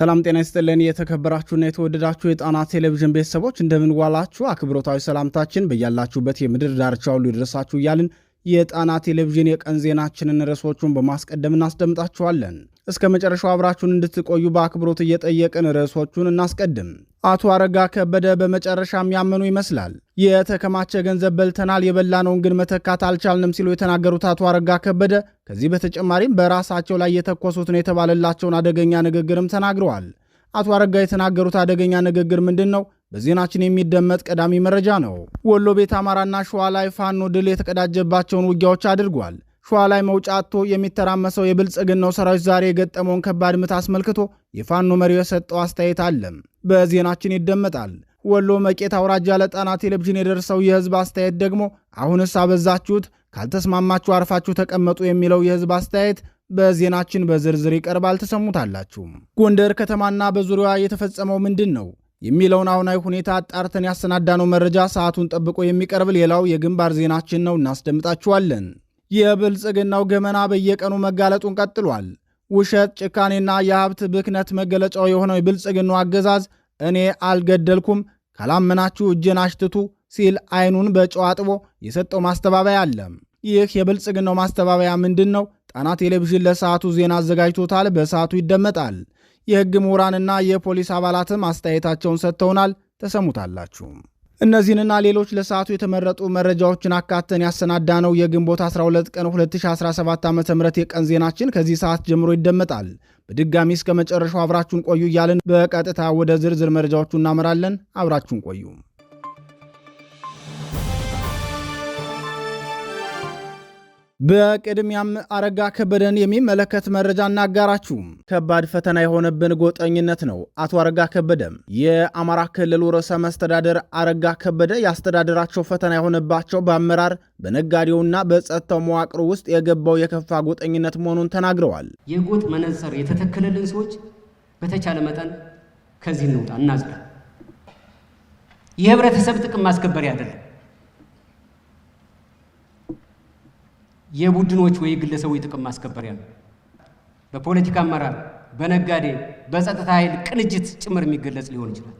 ሰላም ጤና ይስጥልን የተከበራችሁና የተወደዳችሁ የጣና ቴሌቪዥን ቤተሰቦች እንደምንዋላችሁ አክብሮታዊ ሰላምታችን በያላችሁበት የምድር ዳርቻ ሁሉ ይድረሳችሁ እያልን የጣና ቴሌቪዥን የቀን ዜናችንን ርዕሶቹን በማስቀደም እናስደምጣችኋለን። እስከ መጨረሻው አብራችሁን እንድትቆዩ በአክብሮት እየጠየቅን ርዕሶቹን እናስቀድም። አቶ አረጋ ከበደ በመጨረሻ የሚያመኑ ይመስላል። የተከማቸ ገንዘብ በልተናል፣ የበላነውን ግን መተካት አልቻልንም ሲሉ የተናገሩት አቶ አረጋ ከበደ ከዚህ በተጨማሪም በራሳቸው ላይ የተኮሱትን የተባለላቸውን አደገኛ ንግግርም ተናግረዋል። አቶ አረጋ የተናገሩት አደገኛ ንግግር ምንድን ነው? በዜናችን የሚደመጥ ቀዳሚ መረጃ ነው። ወሎ ቤት አማራና ሸዋ ላይ ፋኖ ድል የተቀዳጀባቸውን ውጊያዎች አድርጓል። ሸዋ ላይ መውጫ አጥቶ የሚተራመሰው የብልጽግናው ሰራዊት ዛሬ የገጠመውን ከባድ ምት አስመልክቶ የፋኖ መሪው የሰጠው አስተያየት አለም በዜናችን ይደመጣል። ወሎ መቄት አውራጃ ለጣና ቴሌቪዥን የደረሰው የህዝብ አስተያየት ደግሞ አሁንስ አበዛችሁት፣ ካልተስማማችሁ አርፋችሁ ተቀመጡ የሚለው የህዝብ አስተያየት በዜናችን በዝርዝር ይቀርባል። ተሰሙታላችሁም። ጎንደር ከተማና በዙሪያዋ የተፈጸመው ምንድን ነው? የሚለውን አሁናዊ ሁኔታ አጣርተን ያሰናዳነው መረጃ ሰዓቱን ጠብቆ የሚቀርብ ሌላው የግንባር ዜናችን ነው፣ እናስደምጣችኋለን። የብልጽግናው ገመና በየቀኑ መጋለጡን ቀጥሏል። ውሸት፣ ጭካኔና የሀብት ብክነት መገለጫው የሆነው የብልጽግናው አገዛዝ እኔ አልገደልኩም ካላመናችሁ እጄን አሽትቱ ሲል አይኑን በጨዋጥቦ አጥቦ የሰጠው ማስተባበያ አለ። ይህ የብልጽግናው ማስተባበያ ምንድን ነው? ጣና ቴሌቪዥን ለሰዓቱ ዜና አዘጋጅቶታል። በሰዓቱ ይደመጣል። የህግ ምሁራንና የፖሊስ አባላትም አስተያየታቸውን ሰጥተውናል። ተሰሙታላችሁ። እነዚህንና ሌሎች ለሰዓቱ የተመረጡ መረጃዎችን አካተን ነው የግንቦት 12 ቀን 2017 ዓ ም የቀን ዜናችን ከዚህ ሰዓት ጀምሮ ይደመጣል። በድጋሚ እስከ መጨረሻው አብራችሁን ቆዩ እያልን በቀጥታ ወደ ዝርዝር መረጃዎቹ እናመራለን። አብራችሁን ቆዩ። በቅድሚያም አረጋ ከበደን የሚመለከት መረጃ እናጋራችሁ። ከባድ ፈተና የሆነብን ጎጠኝነት ነው። አቶ አረጋ ከበደ የአማራ ክልል ርዕሰ መስተዳደር አረጋ ከበደ የአስተዳደራቸው ፈተና የሆነባቸው በአመራር በነጋዴውና በጸጥታው መዋቅር ውስጥ የገባው የከፋ ጎጠኝነት መሆኑን ተናግረዋል። የጎጥ መነጽር የተተከለልን ሰዎች በተቻለ መጠን ከዚህ እንውጣ፣ እናዝጋ። የህብረተሰብ ጥቅም ማስከበር ያደርግ የቡድኖች ወይ ግለሰቦች ጥቅም ማስከበሪያ ነው። በፖለቲካ አመራር፣ በነጋዴ፣ በጸጥታ ኃይል ቅንጅት ጭምር የሚገለጽ ሊሆን ይችላል።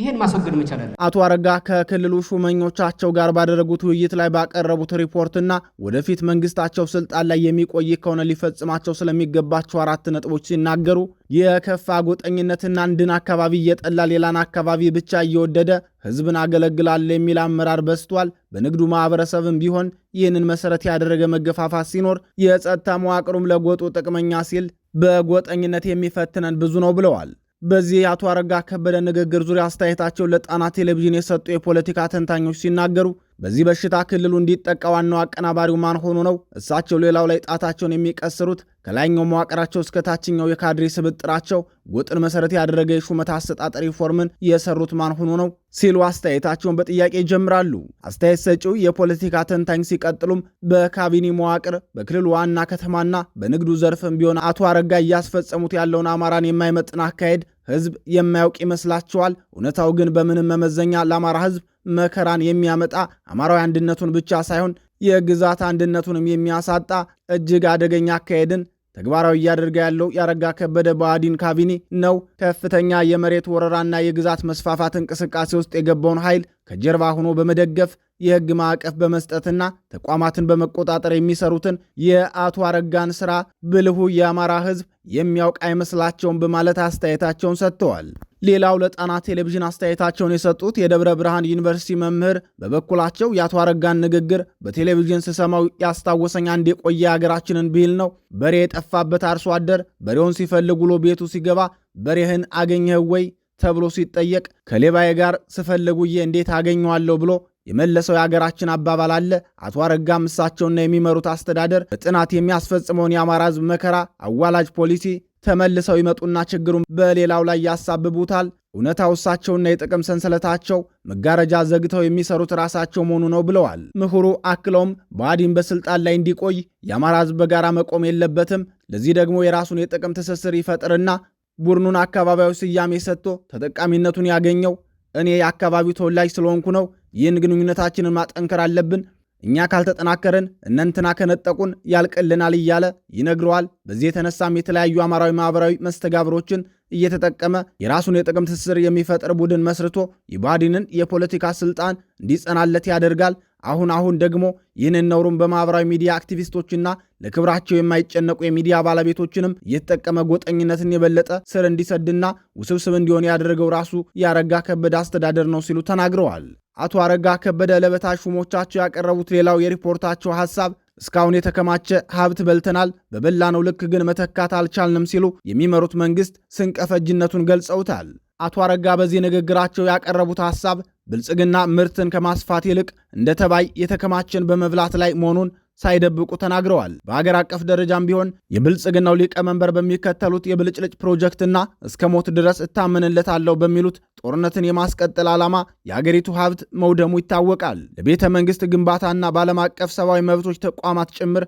ይህን ማስወገድ መቻላል። አቶ አረጋ ከክልሉ ሹመኞቻቸው ጋር ባደረጉት ውይይት ላይ ባቀረቡት ሪፖርትና ወደፊት መንግስታቸው ስልጣን ላይ የሚቆይ ከሆነ ሊፈጽማቸው ስለሚገባቸው አራት ነጥቦች ሲናገሩ የከፋ ጎጠኝነትና አንድን አካባቢ እየጠላ ሌላን አካባቢ ብቻ እየወደደ ህዝብን አገለግላል የሚል አመራር በስቷል። በንግዱ ማህበረሰብም ቢሆን ይህንን መሰረት ያደረገ መገፋፋት ሲኖር የጸጥታ መዋቅሩም ለጎጡ ጥቅመኛ ሲል በጎጠኝነት የሚፈትነን ብዙ ነው ብለዋል። በዚህ የአቶ አረጋ ከበደ ንግግር ዙሪያ አስተያየታቸውን ለጣና ቴሌቪዥን የሰጡ የፖለቲካ ተንታኞች ሲናገሩ በዚህ በሽታ ክልሉ እንዲጠቃ ዋናው አቀናባሪው ማን ሆኖ ነው? እሳቸው ሌላው ላይ ጣታቸውን የሚቀስሩት ከላይኛው መዋቅራቸው እስከ ታችኛው የካድሬ ስብጥራቸው ጎጥን መሰረት ያደረገ የሹመት አሰጣጥ ሪፎርምን የሰሩት ማን ሆኖ ነው ሲሉ አስተያየታቸውን በጥያቄ ይጀምራሉ። አስተያየት ሰጪው የፖለቲካ ተንታኝ ሲቀጥሉም በካቢኔ መዋቅር በክልሉ ዋና ከተማና በንግዱ ዘርፍም ቢሆን አቶ አረጋ እያስፈጸሙት ያለውን አማራን የማይመጥን አካሄድ ህዝብ የማያውቅ ይመስላቸዋል። እውነታው ግን በምንም መመዘኛ ለአማራ ህዝብ መከራን የሚያመጣ አማራዊ አንድነቱን ብቻ ሳይሆን የግዛት አንድነቱንም የሚያሳጣ እጅግ አደገኛ አካሄድን ተግባራዊ እያደረገ ያለው ያረጋ ከበደ ብአዴን ካቢኔ ነው። ከፍተኛ የመሬት ወረራና የግዛት መስፋፋት እንቅስቃሴ ውስጥ የገባውን ኃይል ከጀርባ ሆኖ በመደገፍ የህግ ማዕቀፍ በመስጠትና ተቋማትን በመቆጣጠር የሚሰሩትን የአቶ አረጋን ስራ ብልሁ የአማራ ህዝብ የሚያውቅ አይመስላቸውም በማለት አስተያየታቸውን ሰጥተዋል። ሌላው ለጣና ቴሌቪዥን አስተያየታቸውን የሰጡት የደብረ ብርሃን ዩኒቨርሲቲ መምህር በበኩላቸው የአቶ አረጋን ንግግር በቴሌቪዥን ስሰማው ያስታወሰኝ አንድ የቆየ የሀገራችንን ብሂል ነው። በሬ የጠፋበት አርሶ አደር በሬውን ሲፈልግ ውሎ ቤቱ ሲገባ በሬህን አገኘህ ወይ ተብሎ ሲጠየቅ ከሌባዬ ጋር ስፈልጉዬ እንዴት አገኘዋለሁ ብሎ የመለሰው የአገራችን አባባል አለ። አቶ አረጋም እሳቸውና የሚመሩት አስተዳደር በጥናት የሚያስፈጽመውን የአማራ ሕዝብ መከራ አዋላጅ ፖሊሲ ተመልሰው ይመጡና ችግሩን በሌላው ላይ ያሳብቡታል። እውነታው እሳቸውና የጥቅም ሰንሰለታቸው መጋረጃ ዘግተው የሚሰሩት ራሳቸው መሆኑ ነው ብለዋል ምሁሩ። አክለውም ብአዴን በስልጣን ላይ እንዲቆይ የአማራ ሕዝብ በጋራ መቆም የለበትም። ለዚህ ደግሞ የራሱን የጥቅም ትስስር ይፈጥርና ቡድኑን አካባቢያዊ ስያሜ ሰጥቶ ተጠቃሚነቱን ያገኘው እኔ የአካባቢው ተወላጅ ስለሆንኩ ነው። ይህን ግንኙነታችንን ማጠንከር አለብን። እኛ ካልተጠናከርን እነንትና ከነጠቁን ያልቅልናል እያለ ይነግረዋል። በዚህ የተነሳም የተለያዩ አማራዊ ማህበራዊ መስተጋብሮችን እየተጠቀመ የራሱን የጥቅም ትስስር የሚፈጥር ቡድን መስርቶ የባዲንን የፖለቲካ ስልጣን እንዲጸናለት ያደርጋል። አሁን አሁን ደግሞ ይህንን ነውሩን በማኅበራዊ ሚዲያ አክቲቪስቶችና ለክብራቸው የማይጨነቁ የሚዲያ ባለቤቶችንም እየተጠቀመ ጎጠኝነትን የበለጠ ስር እንዲሰድና ውስብስብ እንዲሆን ያደረገው ራሱ የአረጋ ከበደ አስተዳደር ነው ሲሉ ተናግረዋል። አቶ አረጋ ከበደ ለበታች ሹሞቻቸው ያቀረቡት ሌላው የሪፖርታቸው ሐሳብ እስካሁን የተከማቸ ሀብት በልተናል፣ በበላነው ልክ ግን መተካት አልቻልንም ሲሉ የሚመሩት መንግሥት ስንቀፈጅነቱን ገልጸውታል። አቶ አረጋ በዚህ ንግግራቸው ያቀረቡት ሐሳብ ብልጽግና ምርትን ከማስፋት ይልቅ እንደ ተባይ የተከማችን በመብላት ላይ መሆኑን ሳይደብቁ ተናግረዋል። በአገር አቀፍ ደረጃም ቢሆን የብልጽግናው ሊቀመንበር በሚከተሉት የብልጭልጭ ፕሮጀክትና እስከ ሞት ድረስ እታመንለታለሁ በሚሉት ጦርነትን የማስቀጠል ዓላማ የአገሪቱ ሀብት መውደሙ ይታወቃል። ለቤተ መንግሥት ግንባታና በዓለም አቀፍ ሰብአዊ መብቶች ተቋማት ጭምር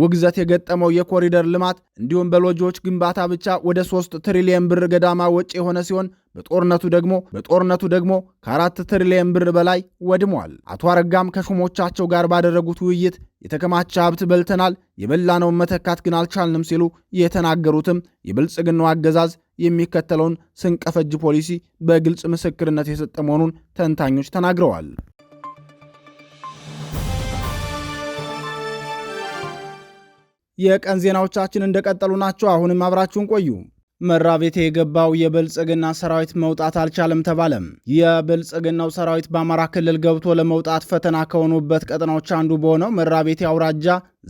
ውግዘት የገጠመው የኮሪደር ልማት እንዲሁም በሎጂዎች ግንባታ ብቻ ወደ 3 ትሪሊየን ብር ገዳማ ወጪ የሆነ ሲሆን በጦርነቱ ደግሞ በጦርነቱ ደግሞ ከአራት ትሪሊየን ብር በላይ ወድሟል። አቶ አረጋም ከሹሞቻቸው ጋር ባደረጉት ውይይት የተከማቸ ሀብት በልተናል፣ የበላነውን መተካት ግን አልቻልንም ሲሉ የተናገሩትም የብልጽግናው አገዛዝ የሚከተለውን ስንቀፈጅ ፖሊሲ በግልጽ ምስክርነት የሰጠ መሆኑን ተንታኞች ተናግረዋል። የቀን ዜናዎቻችን እንደቀጠሉ ናቸው። አሁንም አብራችሁን ቆዩ። መራቤቴ የገባው የብልጽግና ሰራዊት መውጣት አልቻለም ተባለ። የብልጽግናው ሰራዊት በአማራ ክልል ገብቶ ለመውጣት ፈተና ከሆኑበት ቀጠናዎች አንዱ በሆነው መራቤቴ አውራጃ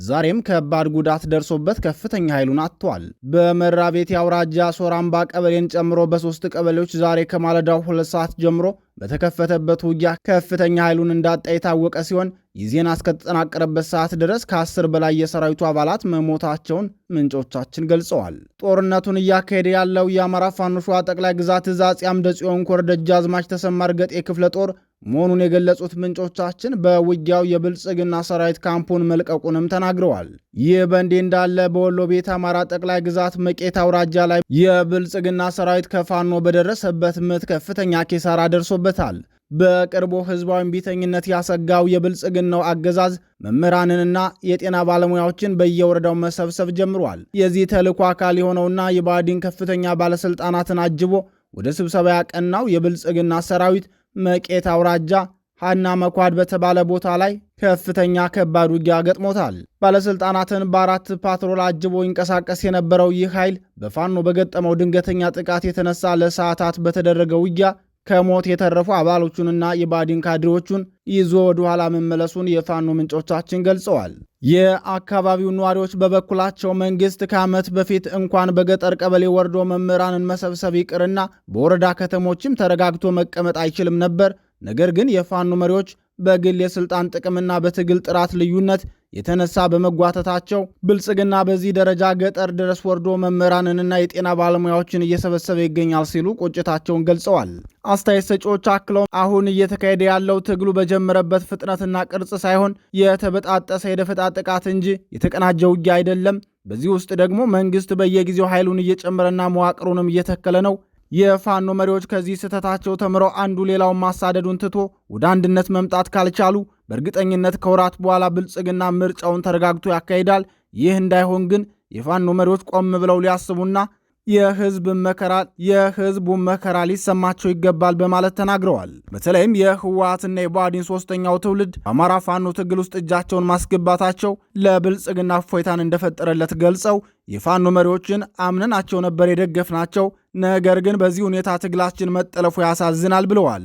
ዛሬም ከባድ ጉዳት ደርሶበት ከፍተኛ ኃይሉን አጥቷል። በመራ ቤቴ አውራጃ ሶራምባ ቀበሌን ጨምሮ በሶስት ቀበሌዎች ዛሬ ከማለዳው ሁለት ሰዓት ጀምሮ በተከፈተበት ውጊያ ከፍተኛ ኃይሉን እንዳጣ የታወቀ ሲሆን ይህ ዜና እስከተጠናቀረበት ሰዓት ድረስ ከአስር በላይ የሰራዊቱ አባላት መሞታቸውን ምንጮቻችን ገልጸዋል። ጦርነቱን እያካሄደ ያለው የአማራ ፋኖ ሸዋ ጠቅላይ ግዛት እዝ አፄ አምደ ጽዮን ኮር ደጃዝማች ተሰማ እርገጤ ክፍለ ጦር መሆኑን የገለጹት ምንጮቻችን በውጊያው የብልጽግና ሰራዊት ካምፑን መልቀቁንም ተናግረዋል። ይህ በእንዲህ እንዳለ በወሎ ቤት አማራ ጠቅላይ ግዛት መቄት አውራጃ ላይ የብልጽግና ሰራዊት ከፋኖ በደረሰበት ምት ከፍተኛ ኪሳራ ደርሶበታል። በቅርቡ ህዝባዊ እምቢተኝነት ያሰጋው የብልጽግናው አገዛዝ መምህራንንና የጤና ባለሙያዎችን በየወረዳው መሰብሰብ ጀምሯል። የዚህ ተልዕኮ አካል የሆነውና የባዕዲን ከፍተኛ ባለስልጣናትን አጅቦ ወደ ስብሰባ ያቀናው የብልጽግና ሰራዊት መቄት አውራጃ ሀና መኳድ በተባለ ቦታ ላይ ከፍተኛ ከባድ ውጊያ ገጥሞታል። ባለሥልጣናትን በአራት ፓትሮል አጅቦ ይንቀሳቀስ የነበረው ይህ ኃይል በፋኖ በገጠመው ድንገተኛ ጥቃት የተነሳ ለሰዓታት በተደረገ ውጊያ ከሞት የተረፉ አባሎቹንና የባዲን ካድሬዎቹን ይዞ ወደ ኋላ መመለሱን የፋኖ ምንጮቻችን ገልጸዋል። የአካባቢው ነዋሪዎች በበኩላቸው መንግስት ከዓመት በፊት እንኳን በገጠር ቀበሌ ወርዶ መምህራንን መሰብሰብ ይቅርና በወረዳ ከተሞችም ተረጋግቶ መቀመጥ አይችልም ነበር። ነገር ግን የፋኖ መሪዎች በግል የስልጣን ጥቅምና በትግል ጥራት ልዩነት የተነሳ በመጓተታቸው ብልጽግና በዚህ ደረጃ ገጠር ድረስ ወርዶ መምህራንንና የጤና ባለሙያዎችን እየሰበሰበ ይገኛል ሲሉ ቁጭታቸውን ገልጸዋል። አስተያየት ሰጪዎች አክለው አሁን እየተካሄደ ያለው ትግሉ በጀመረበት ፍጥነትና ቅርጽ ሳይሆን የተበጣጠሰ የደፈጣ ጥቃት እንጂ የተቀናጀ ውጊያ አይደለም። በዚህ ውስጥ ደግሞ መንግስት በየጊዜው ኃይሉን እየጨመረና መዋቅሩንም እየተከለ ነው። የፋኖ መሪዎች ከዚህ ስህተታቸው ተምረው አንዱ ሌላውን ማሳደዱን ትቶ ወደ አንድነት መምጣት ካልቻሉ በእርግጠኝነት ከወራት በኋላ ብልጽግና ምርጫውን ተረጋግቶ ያካሂዳል። ይህ እንዳይሆን ግን የፋኖ መሪዎች ቆም ብለው ሊያስቡና የህዝብ መከራ የህዝቡ መከራ ሊሰማቸው ይገባል በማለት ተናግረዋል። በተለይም የህወሓትና የብአዴን ሶስተኛው ትውልድ በአማራ ፋኖ ትግል ውስጥ እጃቸውን ማስገባታቸው ለብልጽግና እፎይታን እንደፈጠረለት ገልጸው የፋኖ መሪዎችን አምነናቸው ነበር የደገፍናቸው፣ ነገር ግን በዚህ ሁኔታ ትግላችን መጠለፉ ያሳዝናል ብለዋል።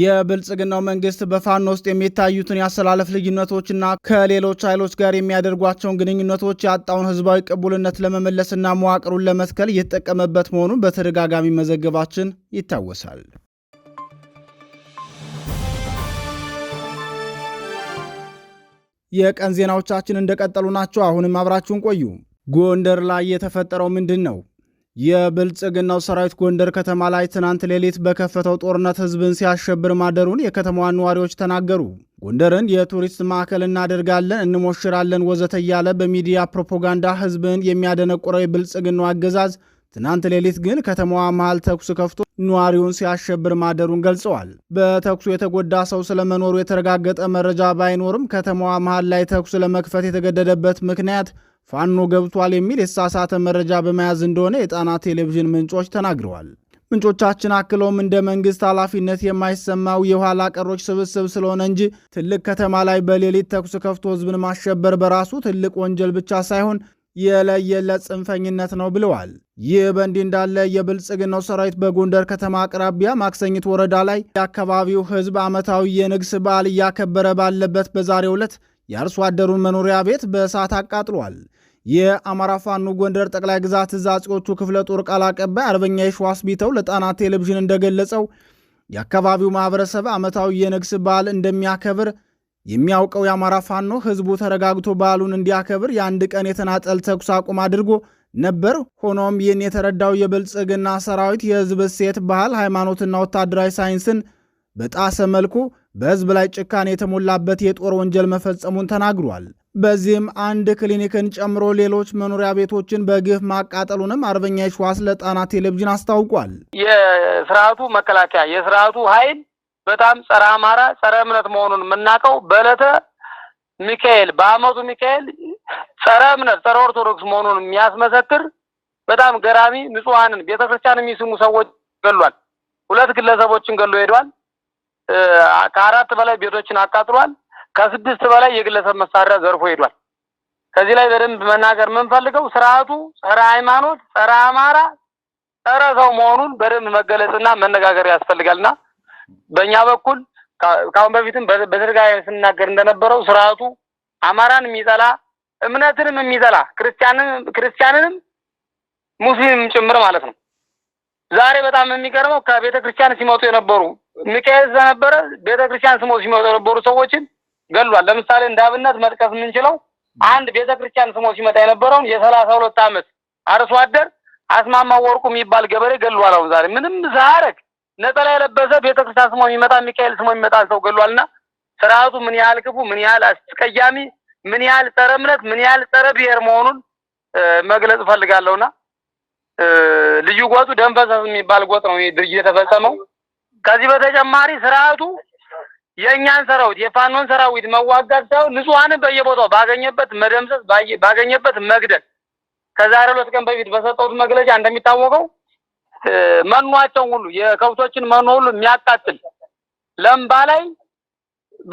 የብልጽግናው መንግስት በፋኖ ውስጥ የሚታዩትን የአሰላለፍ ልዩነቶችና ከሌሎች ኃይሎች ጋር የሚያደርጓቸውን ግንኙነቶች ያጣውን ህዝባዊ ቅቡልነት ለመመለስና መዋቅሩን ለመትከል እየተጠቀመበት መሆኑን በተደጋጋሚ መዘገባችን ይታወሳል። የቀን ዜናዎቻችን እንደቀጠሉ ናቸው። አሁንም አብራችሁን ቆዩ። ጎንደር ላይ የተፈጠረው ምንድን ነው? የብልጽግናው ሰራዊት ጎንደር ከተማ ላይ ትናንት ሌሊት በከፈተው ጦርነት ህዝብን ሲያሸብር ማደሩን የከተማዋን ነዋሪዎች ተናገሩ። ጎንደርን የቱሪስት ማዕከል እናደርጋለን፣ እንሞሽራለን፣ ወዘተ እያለ በሚዲያ ፕሮፓጋንዳ ህዝብን የሚያደነቁረው የብልጽግናው አገዛዝ ትናንት ሌሊት ግን ከተማዋ መሃል ተኩስ ከፍቶ ነዋሪውን ሲያሸብር ማደሩን ገልጸዋል። በተኩሱ የተጎዳ ሰው ስለመኖሩ የተረጋገጠ መረጃ ባይኖርም ከተማዋ መሃል ላይ ተኩስ ለመክፈት የተገደደበት ምክንያት ፋኖ ገብቷል የሚል የተሳሳተ መረጃ በመያዝ እንደሆነ የጣና ቴሌቪዥን ምንጮች ተናግረዋል። ምንጮቻችን አክለውም እንደ መንግስት ኃላፊነት የማይሰማው የኋላ ቀሮች ስብስብ ስለሆነ እንጂ ትልቅ ከተማ ላይ በሌሊት ተኩስ ከፍቶ ህዝብን ማሸበር በራሱ ትልቅ ወንጀል ብቻ ሳይሆን የለየለት ጽንፈኝነት ነው ብለዋል። ይህ በእንዲህ እንዳለ የብልጽግናው ሰራዊት በጎንደር ከተማ አቅራቢያ ማክሰኝት ወረዳ ላይ የአካባቢው ህዝብ ዓመታዊ የንግስ በዓል እያከበረ ባለበት በዛሬው ዕለት የአርሶ አደሩን መኖሪያ ቤት በእሳት አቃጥሏል። የአማራ ፋኖ ጎንደር ጠቅላይ ግዛት እዝ አጼዎቹ ክፍለ ጦር ቃል አቀባይ አርበኛ የሸዋስ ቢተው ለጣና ቴሌቪዥን እንደገለጸው የአካባቢው ማህበረሰብ ዓመታዊ የንግስ በዓል እንደሚያከብር የሚያውቀው የአማራ ፋኖ ህዝቡ ተረጋግቶ በዓሉን እንዲያከብር የአንድ ቀን የተናጠል ተኩስ አቁም አድርጎ ነበር። ሆኖም ይህን የተረዳው የብልጽግና ሰራዊት የህዝብ እሴት፣ ባህል፣ ሃይማኖትና ወታደራዊ ሳይንስን በጣሰ መልኩ በሕዝብ ላይ ጭካኔ የተሞላበት የጦር ወንጀል መፈጸሙን ተናግሯል። በዚህም አንድ ክሊኒክን ጨምሮ ሌሎች መኖሪያ ቤቶችን በግፍ ማቃጠሉንም አርበኛ ይሸዋስ ለጣና ቴሌቪዥን አስታውቋል። የስርዓቱ መከላከያ የስርዓቱ ኃይል በጣም ጸረ አማራ፣ ጸረ እምነት መሆኑን የምናውቀው በዕለተ ሚካኤል በአመቱ ሚካኤል ጸረ እምነት ጸረ ኦርቶዶክስ መሆኑን የሚያስመሰክር በጣም ገራሚ ንጹሐንን ቤተክርስቲያን የሚስሙ ሰዎች ገሏል። ሁለት ግለሰቦችን ገሎ ሄዷል። ከአራት በላይ ቤቶችን አቃጥሏል። ከስድስት በላይ የግለሰብ መሳሪያ ዘርፎ ሄዷል። ከዚህ ላይ በደንብ መናገር የምንፈልገው ስርዓቱ ጸረ ሃይማኖት፣ ጸረ አማራ፣ ጸረ ሰው መሆኑን በደንብ መገለጽና መነጋገር ያስፈልጋልና በእኛ በኩል ከአሁን በፊትም በተደጋጋሚ ስንናገር እንደነበረው ስርዓቱ አማራን የሚጠላ እምነትንም የሚጠላ ክርስቲያንንም ሙስሊምም ጭምር ማለት ነው። ዛሬ በጣም የሚገርመው ከቤተ ክርስቲያን ሲመጡ የነበሩ ሚካኤል ስለነበረ ቤተክርስቲያን ስሞ ሲመጡ የነበሩ ሰዎችን ገሏል። ለምሳሌ እንደ አብነት መጥቀስ የምንችለው አንድ ቤተክርስቲያን ስሞ ሲመጣ የነበረውን የሰላሳ ሁለት ዓመት አርሶ አደር አስማማ ወርቁ የሚባል ገበሬ ገሏል። አሁን ዛሬ ምንም ዛረግ ነጠላ የለበሰ ቤተክርስቲያን ስሞ የሚመጣ ሚካኤል ስሞ የሚመጣ ሰው ገሏልና ስርዓቱ ምን ያህል ክፉ፣ ምን ያህል አስቀያሚ፣ ምን ያህል ጸረ እምነት፣ ምን ያህል ጸረ ብሔር መሆኑን መግለጽ እፈልጋለሁና ልዩ ጎጡ ደንፈሰስ የሚባል ጎጥ ነው ይህ ድርጅት የተፈጸመው። ከዚህ በተጨማሪ ስርዓቱ የእኛን ሰራዊት የፋኖን ሰራዊት መዋጋት ሳይሆን ንጹሐንን በየቦታው ባገኘበት መደምሰስ ባገኘበት መግደል። ከዛሬ ሁለት ቀን በፊት በሰጠሁት መግለጫ እንደሚታወቀው መኗቸውን ሁሉ የከብቶችን መኖ ሁሉ የሚያቃጥል ለምባ ላይ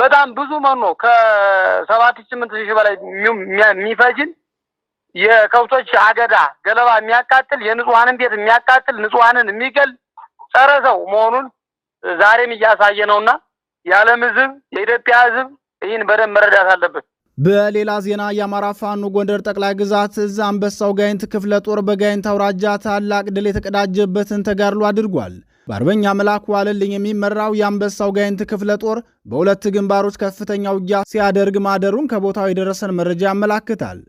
በጣም ብዙ መኖ ከሰባት ስምንት ሺህ በላይ የሚፈጅን የከብቶች አገዳ ገለባ የሚያቃጥል የንጹሃንን ቤት የሚያቃጥል ንጹሃንን የሚገል ጸረ ሰው መሆኑን ዛሬም እያሳየ ነውና የዓለም ህዝብ የኢትዮጵያ ህዝብ ይህን በደንብ መረዳት አለበት። በሌላ ዜና የአማራ ፋኖ ጎንደር ጠቅላይ ግዛት እዝ አንበሳው ጋይንት ክፍለ ጦር በጋይንት አውራጃ ታላቅ ድል የተቀዳጀበትን ተጋድሎ አድርጓል። በአርበኛ መላኩ ዋለልኝ የሚመራው የአንበሳው ጋይንት ክፍለ ጦር በሁለት ግንባሮች ከፍተኛ ውጊያ ሲያደርግ ማደሩን ከቦታው የደረሰን መረጃ ያመላክታል።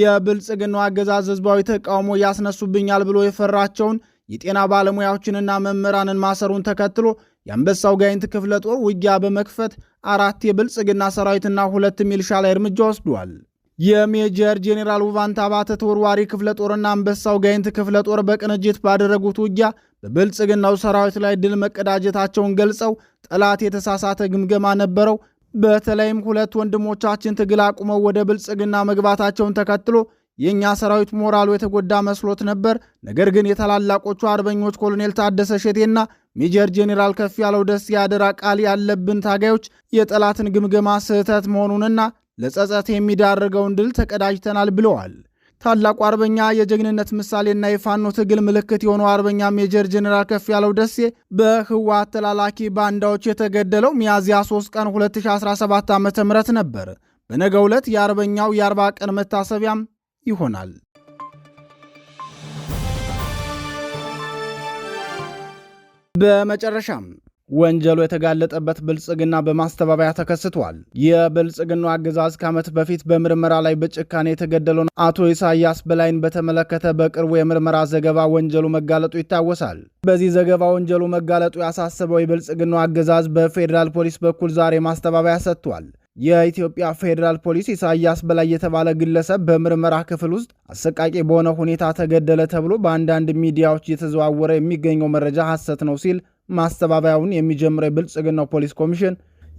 የብልጽግናው አገዛዝ ህዝባዊ ተቃውሞ ያስነሱብኛል ብሎ የፈራቸውን የጤና ባለሙያዎችንና መምህራንን ማሰሩን ተከትሎ የአንበሳው ጋይንት ክፍለ ጦር ውጊያ በመክፈት አራት የብልጽግና ሰራዊትና ሁለት ሚልሻ ላይ እርምጃ ወስዷል። የሜጀር ጄኔራል ውቫንት አባተ ተወርዋሪ ክፍለ ጦርና አንበሳው ጋይንት ክፍለ ጦር በቅንጅት ባደረጉት ውጊያ በብልጽግናው ሰራዊት ላይ ድል መቀዳጀታቸውን ገልጸው ጠላት የተሳሳተ ግምገማ ነበረው፣ በተለይም ሁለት ወንድሞቻችን ትግል አቁመው ወደ ብልጽግና መግባታቸውን ተከትሎ የእኛ ሰራዊት ሞራሉ የተጎዳ መስሎት ነበር። ነገር ግን የታላላቆቹ አርበኞች ኮሎኔል ታደሰ ሸቴና ሜጀር ጄኔራል ከፍ ያለው ደስ የአደራ ቃል ያለብን ታጋዮች የጠላትን ግምገማ ስህተት መሆኑንና ለጸጸት የሚዳርገውን ድል ተቀዳጅተናል ብለዋል። ታላቁ አርበኛ የጀግንነት ምሳሌና የፋኖ ትግል ምልክት የሆነው አርበኛ ሜጀር ጄኔራል ከፍ ያለው ደሴ በህወሓት ተላላኪ ባንዳዎች የተገደለው ሚያዝያ 3 ቀን 2017 ዓ ም ነበር። በነገ ዕለት የአርበኛው የ40 ቀን መታሰቢያም ይሆናል። በመጨረሻም ወንጀሉ የተጋለጠበት ብልጽግና በማስተባበያ ተከስቷል። የብልጽግናው አገዛዝ ከዓመት በፊት በምርመራ ላይ በጭካኔ የተገደለውን አቶ ኢሳያስ በላይን በተመለከተ በቅርቡ የምርመራ ዘገባ ወንጀሉ መጋለጡ ይታወሳል። በዚህ ዘገባ ወንጀሉ መጋለጡ ያሳሰበው የብልጽግናው አገዛዝ በፌዴራል ፖሊስ በኩል ዛሬ ማስተባበያ ሰጥቷል። የኢትዮጵያ ፌዴራል ፖሊስ ኢሳያስ በላይ የተባለ ግለሰብ በምርመራ ክፍል ውስጥ አሰቃቂ በሆነ ሁኔታ ተገደለ ተብሎ በአንዳንድ ሚዲያዎች እየተዘዋወረ የሚገኘው መረጃ ሐሰት ነው ሲል ማስተባበያውን የሚጀምረው የብልጽግናው ፖሊስ ኮሚሽን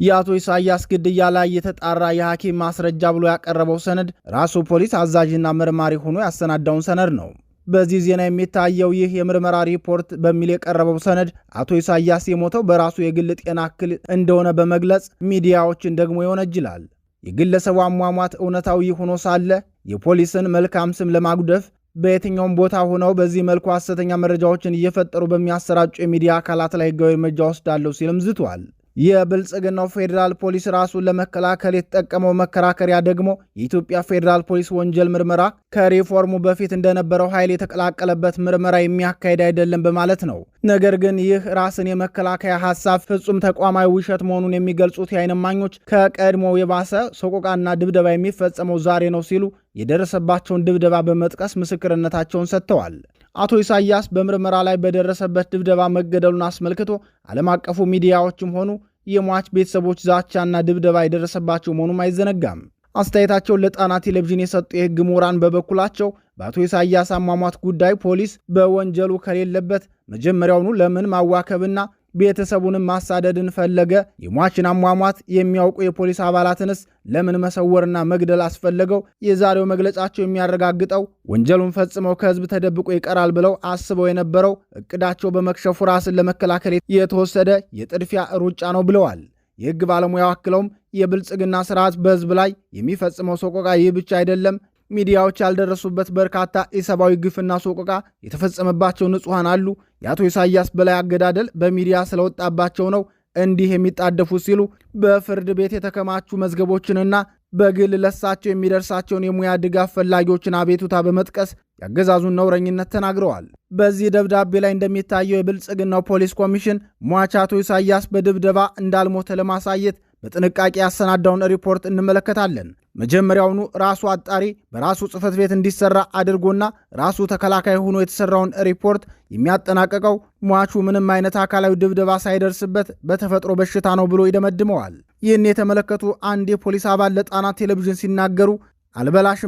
የአቶ ኢሳያስ ግድያ ላይ የተጣራ የሐኪም ማስረጃ ብሎ ያቀረበው ሰነድ ራሱ ፖሊስ አዛዥና መርማሪ ሆኖ ያሰናዳውን ሰነድ ነው። በዚህ ዜና የሚታየው ይህ የምርመራ ሪፖርት በሚል የቀረበው ሰነድ አቶ ኢሳያስ የሞተው በራሱ የግል ጤና እክል እንደሆነ በመግለጽ ሚዲያዎችን ደግሞ ይወነጅላል። የግለሰቡ አሟሟት እውነታዊ ሆኖ ሳለ የፖሊስን መልካም ስም ለማጉደፍ በየትኛውም ቦታ ሆነው በዚህ መልኩ ሐሰተኛ መረጃዎችን እየፈጠሩ በሚያሰራጩ የሚዲያ አካላት ላይ ሕጋዊ እርምጃ ወስዳለሁ ሲልም ዝቷል። የብልጽግናው ፌዴራል ፖሊስ ራሱን ለመከላከል የተጠቀመው መከራከሪያ ደግሞ የኢትዮጵያ ፌዴራል ፖሊስ ወንጀል ምርመራ ከሪፎርሙ በፊት እንደነበረው ኃይል የተቀላቀለበት ምርመራ የሚያካሄድ አይደለም በማለት ነው። ነገር ግን ይህ ራስን የመከላከያ ሀሳብ ፍጹም ተቋማዊ ውሸት መሆኑን የሚገልጹት የዓይን እማኞች ከቀድሞው የባሰ ሰቆቃና ድብደባ የሚፈጸመው ዛሬ ነው ሲሉ የደረሰባቸውን ድብደባ በመጥቀስ ምስክርነታቸውን ሰጥተዋል። አቶ ኢሳያስ በምርመራ ላይ በደረሰበት ድብደባ መገደሉን አስመልክቶ ዓለም አቀፉ ሚዲያዎችም ሆኑ የሟች ቤተሰቦች ዛቻና ድብደባ የደረሰባቸው መሆኑም አይዘነጋም። አስተያየታቸውን ለጣና ቴሌቪዥን የሰጡ የሕግ ምሁራን በበኩላቸው በአቶ ኢሳያስ አሟሟት ጉዳይ ፖሊስ በወንጀሉ ከሌለበት መጀመሪያውኑ ለምን ማዋከብና ቤተሰቡንም ማሳደድን ፈለገ? የሟችን አሟሟት የሚያውቁ የፖሊስ አባላትንስ ለምን መሰወርና መግደል አስፈለገው? የዛሬው መግለጫቸው የሚያረጋግጠው ወንጀሉን ፈጽመው ከህዝብ ተደብቆ ይቀራል ብለው አስበው የነበረው እቅዳቸው በመክሸፉ ራስን ለመከላከል የተወሰደ የጥድፊያ ሩጫ ነው ብለዋል። የህግ ባለሙያው አክለውም የብልጽግና ስርዓት በህዝብ ላይ የሚፈጽመው ሰቆቃ ይህ ብቻ አይደለም፣ ሚዲያዎች ያልደረሱበት በርካታ የሰብአዊ ግፍና ሶቆቃ የተፈጸመባቸው ንጹሐን አሉ። የአቶ ኢሳያስ በላይ አገዳደል በሚዲያ ስለወጣባቸው ነው እንዲህ የሚጣደፉ ሲሉ በፍርድ ቤት የተከማቹ መዝገቦችንና በግል ለሳቸው የሚደርሳቸውን የሙያ ድጋፍ ፈላጊዎችን አቤቱታ በመጥቀስ ያገዛዙን ነውረኝነት ተናግረዋል። በዚህ ደብዳቤ ላይ እንደሚታየው የብልጽግናው ፖሊስ ኮሚሽን ሟች አቶ ኢሳያስ በድብደባ እንዳልሞተ ለማሳየት በጥንቃቄ ያሰናዳውን ሪፖርት እንመለከታለን። መጀመሪያውኑ ራሱ አጣሪ በራሱ ጽህፈት ቤት እንዲሰራ አድርጎና ራሱ ተከላካይ ሆኖ የተሰራውን ሪፖርት የሚያጠናቀቀው ሟቹ ምንም አይነት አካላዊ ድብደባ ሳይደርስበት በተፈጥሮ በሽታ ነው ብሎ ይደመድመዋል። ይህን የተመለከቱ አንድ የፖሊስ አባል ለጣና ቴሌቪዥን ሲናገሩ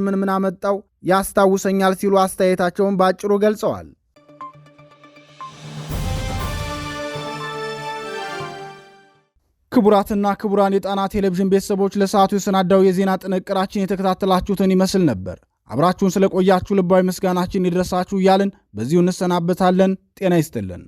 ምን ምን አመጣው ያስታውሰኛል ሲሉ አስተያየታቸውን በአጭሩ ገልጸዋል። ክቡራትና ክቡራን የጣና ቴሌቪዥን ቤተሰቦች ለሰዓቱ የሰናዳው የዜና ጥንቅራችን የተከታተላችሁትን ይመስል ነበር። አብራችሁን ስለቆያችሁ ልባዊ ምስጋናችን ይድረሳችሁ እያልን በዚሁ እንሰናበታለን። ጤና ይስጥልን።